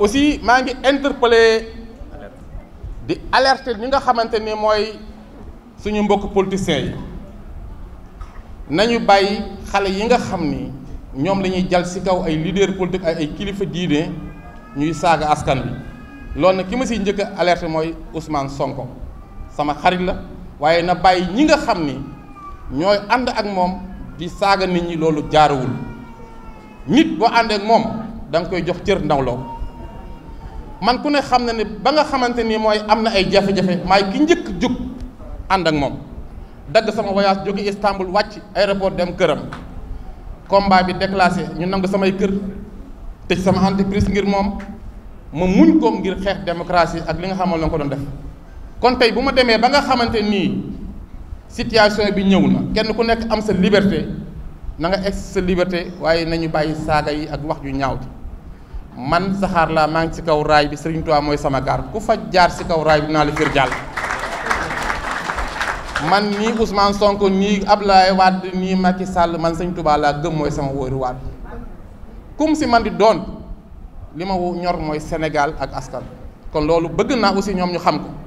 aussi maa ngi interpellé di alerte ñi nga xamante ni mooy suñu mbokk politiciens yi nañu bàyyi xale yi nga xam ni ñoom la ñuy jal ci kaw ay leader politique ay kilifa diine ñuy saaga askan bi loolu nag ki ma siy njëkk a alerter mooy Ousmane Sonko sama xarit la waaye na bàyyi ñi nga xam ni ñooy ànd ak moom di saaga nit ñi loolu jaarawul nit boo ànd moom danga koy jox cër ndaw loo man ku ne xam na ne ba nga xamante ni mooy am na ay jafe-jafe maay ki njëkk jug ànd ak moom dagg sama voyage jóge Istanbul wàcc aéroport dem këram combat bi déclassé ñu nangu samay kër tëj sama entreprise ngir moom ma muñ ko ngir xeex démocratie ak li nga xamal la ko doon def kon tey bu ma demee ba nga xamante nii situation bi ñëw na kenn ku nekk am sa liberté na nga ex sa liberté waaye nañu bàyyi saaga yi ak wax yu ñaaw man saxaar laa maa ngi ci kaw raay bi Serigne Touba mooy sama gaar ku faj jaar ci kaw raay bi naa la fiir jàll man nii Ousmane Sonko nii Abdoulaye Wade nii Macky Sall man Serigne Touba laa gëm mooy sama wóoru waat kum si man di doon li ma ñor mooy Sénégal ak askan kon loolu bëgg naa aussi ñoom ñu xam ko